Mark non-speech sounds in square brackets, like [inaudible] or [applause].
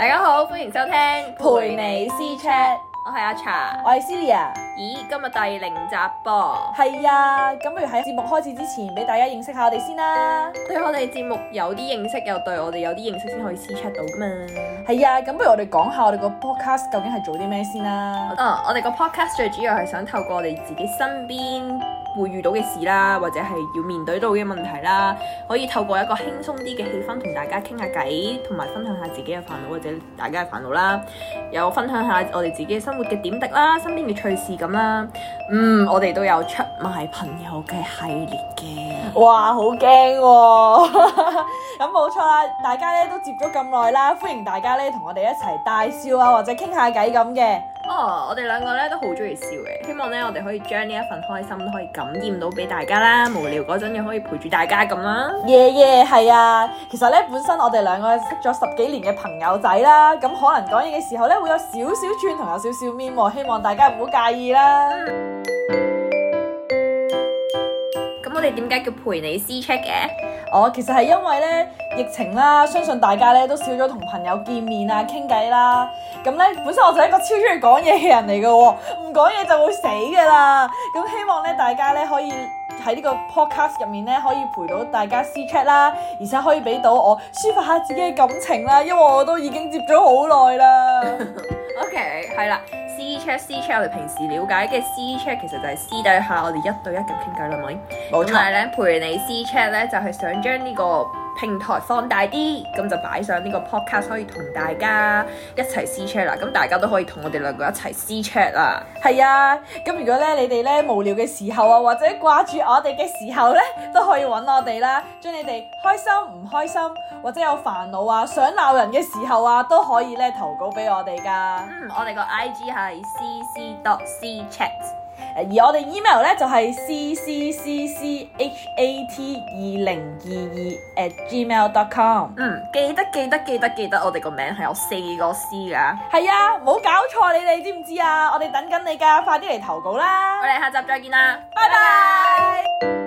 大家好，歡迎收聽陪你私 Chat，我係阿茶，我係 Celia。咦，今日第零集噃，係啊，咁不如喺節目開始之前，俾大家認識下我哋先啦，對，我哋節目有啲認識，又對我哋有啲認識，先可以私 Chat 到噶嘛，係啊，咁不如我哋講下我哋個 podcast 究竟係做啲咩先啦，哦、啊，我哋個 podcast 最主要係想透過我哋自己身邊。會遇到嘅事啦，或者係要面對到嘅問題啦，可以透過一個輕鬆啲嘅氣氛同大家傾下偈，同埋分享下自己嘅煩惱或者大家嘅煩惱啦，有分享下我哋自己生活嘅點滴啦，身邊嘅趣事咁啦，嗯，我哋都有出賣朋友嘅系列嘅，哇，好驚喎，咁 [laughs] 冇錯啦，大家咧都接咗咁耐啦，歡迎大家咧同我哋一齊大笑啊，或者傾下偈咁嘅。哦，oh，我哋兩個咧都好中意笑嘅，希望咧我哋可以將呢一份開心可以感染到俾大家啦，無聊嗰陣又可以陪住大家咁啦。耶耶，係啊，其實咧本身我哋兩個識咗十幾年嘅朋友仔啦，咁可能講嘢嘅時候咧會有少少串同有少少面啊，希望大家唔好介意啦。嗯。我哋點解叫陪你私 chat 嘅？哦，其實係因為咧疫情啦，相信大家咧都少咗同朋友見面啊、傾偈啦。咁咧，本身我就係一個超中意講嘢嘅人嚟嘅喎，唔講嘢就會死㗎啦。咁希望咧，大家咧可以喺呢個 podcast 入面咧可以陪到大家私 chat 啦，而且可以俾到我抒發下自己嘅感情啦，因為我都已經接咗好耐啦。 [laughs] OK，係啦。私 chat 私 chat 我哋平時了解嘅私 chat 其實就係私底下我哋一對一咁傾偈啦，咪冇錯？咁但係咧陪你私 chat 咧就係、係、想將呢、個。平台放大啲，咁就擺上呢個 podcast，可以同大家一齊私 chat 啦。咁大家都可以同我哋兩個一齊私 chat 啦。係啊，咁如果咧你哋咧無聊嘅時候啊，或者掛住我哋嘅時候咧，都可以搵我哋啦。將你哋開心唔開心，或者有煩惱啊，想鬧人嘅時候啊，都可以咧投稿俾我哋噶。嗯，我哋個 IG 係 c c dot c chat。而我哋 email 咧就係、是、c c c c h a t 二零二二 at gmail dot com。嗯，記得記得記得記得，記得記得我哋個名係有四個 C 噶。係啊，冇搞錯，你哋知唔知啊？我哋等緊你噶，快啲嚟投稿啦！我哋下集再見啦，拜拜 bye。Bye bye